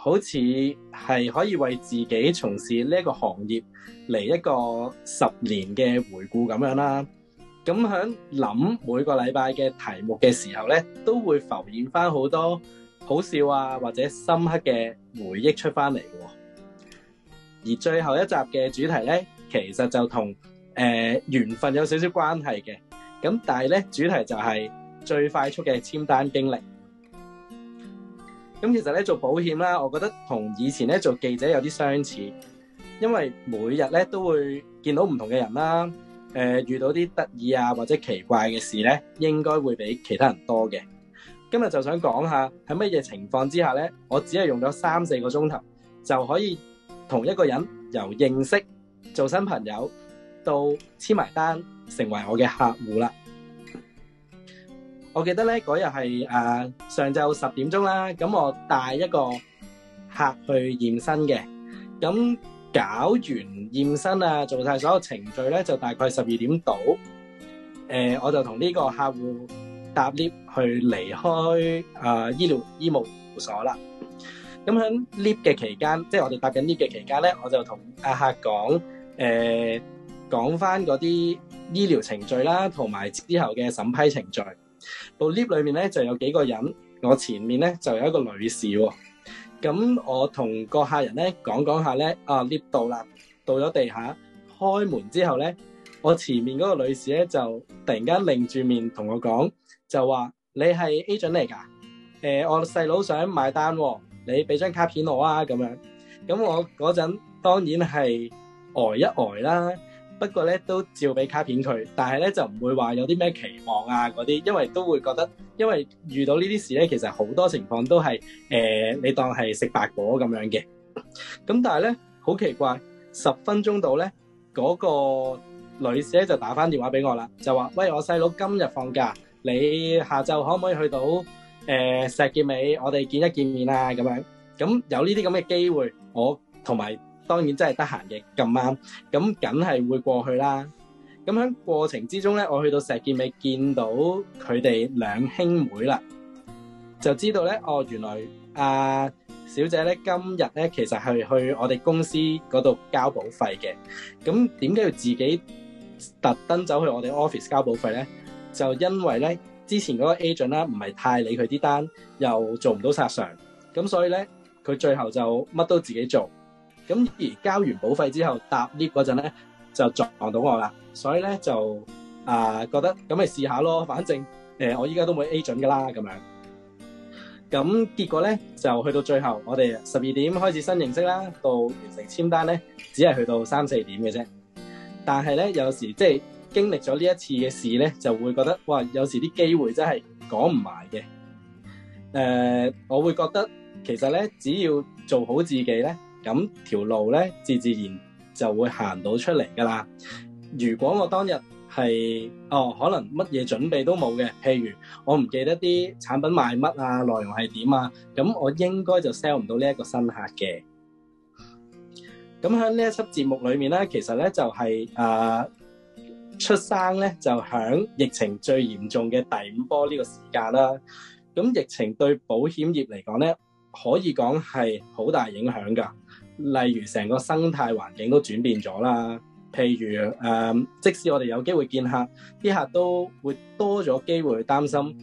好似係可以為自己從事呢個行業嚟一個十年嘅回顧咁樣啦。咁響諗每個禮拜嘅題目嘅時候咧，都會浮現翻好多好笑啊或者深刻嘅回憶出翻嚟嘅。而最後一集嘅主題咧，其實就同誒緣分有少少關係嘅。咁但係咧，主題就係最快速嘅簽單經歷。咁其實咧做保險啦，我覺得同以前咧做記者有啲相似，因為每日咧都會見到唔同嘅人啦，誒遇到啲得意啊或者奇怪嘅事咧，應該會比其他人多嘅。今日就想講下喺乜嘢情況之下咧，我只係用咗三四個鐘頭就可以同一個人由認識做新朋友到簽埋單成為我嘅客戶啦。我記得咧嗰日係誒上晝十點鐘啦，咁我帶一個客去驗身嘅，咁搞完驗身啊，做晒所有程序咧，就大概十二點到，誒我就同呢個客戶搭 lift 去離開誒醫療醫務所啦。咁喺 lift 嘅期間，即係我哋搭緊 lift 嘅期間咧，我就同阿客講，誒講翻嗰啲醫療程序啦，同埋之後嘅審批程序。部 lift 裏面咧就有幾個人，我前面咧就有一個女士，咁我同個客人咧講講下咧，啊 lift 到啦，到咗地下，開門之後咧，我前面嗰個女士咧就突然間擰住面同我講，就話你係 agent 嚟噶，誒、呃、我細佬想買單，你俾張卡片我啊，咁樣，咁我嗰陣當然係呆一呆啦。不過咧都照俾卡片佢，但係咧就唔會話有啲咩期望啊嗰啲，因為都會覺得，因為遇到呢啲事咧，其實好多情況都係誒你當係食白果咁樣嘅。咁但係咧好奇怪，十分鐘度咧嗰個女士咧就打翻電話俾我啦，就話：喂，我細佬今日放假，你下晝可唔可以去到誒石硤尾，我哋見一見面啊咁樣。咁有呢啲咁嘅機會，我同埋。當然真係得閒嘅咁啱，咁梗係會過去啦。咁喺過程之中咧，我去到石硤尾見到佢哋兩兄妹啦，就知道咧哦，原來阿、啊、小姐咧今日咧其實係去我哋公司嗰度交保費嘅。咁點解要自己特登走去我哋 office 交保費咧？就因為咧之前嗰個 agent 啦，唔係太理佢啲單，又做唔到殺償，咁所以咧佢最後就乜都自己做。咁而交完保費之後搭 lift 嗰陣咧，就撞到我啦。所以咧就啊，覺得咁咪試下咯，反正誒，我依家都冇 A 准噶啦，咁樣。咁結果咧就去到最後，我哋十二點開始新認識啦，到完成簽單咧，只係去到三四點嘅啫。但係咧，有時即係經歷咗呢一次嘅事咧，就會覺得哇，有時啲機會真係講唔埋嘅。誒，我會覺得其實咧，只要做好自己咧。咁條路咧，自自然就會行到出嚟噶啦。如果我當日係哦，可能乜嘢準備都冇嘅，譬如我唔記得啲產品賣乜啊，內容係點啊，咁我應該就 sell 唔到呢一個新客嘅。咁喺呢一輯節目裏面咧，其實咧就係啊出生咧，就響疫情最嚴重嘅第五波呢個時間啦。咁疫情對保險業嚟講咧，可以講係好大影響噶。例如成個生態環境都轉變咗啦，譬如誒、呃，即使我哋有機會見客，啲客都會多咗機會去擔心，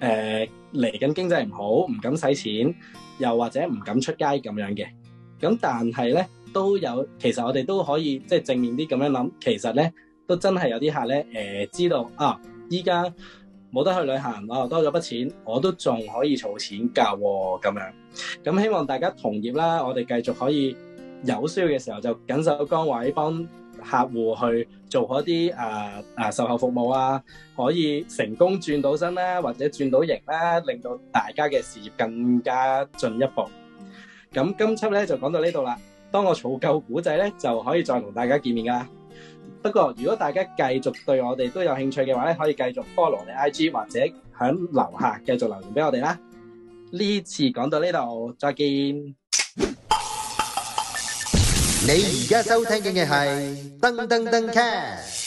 誒嚟緊經濟唔好，唔敢使錢，又或者唔敢出街咁樣嘅。咁但係咧，都有其實我哋都可以即係正面啲咁樣諗，其實咧都真係有啲客咧誒、呃、知道啊，依家。冇得去旅行，我、哦、又多咗筆錢，我都仲可以儲錢喎、哦。咁樣。咁希望大家同業啦，我哋繼續可以有需要嘅時候就緊守崗位，幫客戶去做好啲啊，啊，售後服務啊，可以成功轉到身啦、啊，或者轉到型啦、啊，令到大家嘅事業更加進一步。咁今輯咧就講到呢度啦。當我儲夠故仔咧，就可以再同大家見面噶啦。不過，如果大家繼續對我哋都有興趣嘅話咧，可以繼續 follow 你 IG 或者響樓下繼續留言俾我哋啦。呢次講到呢度，再見。你而家收聽緊嘅係噔噔噔 cat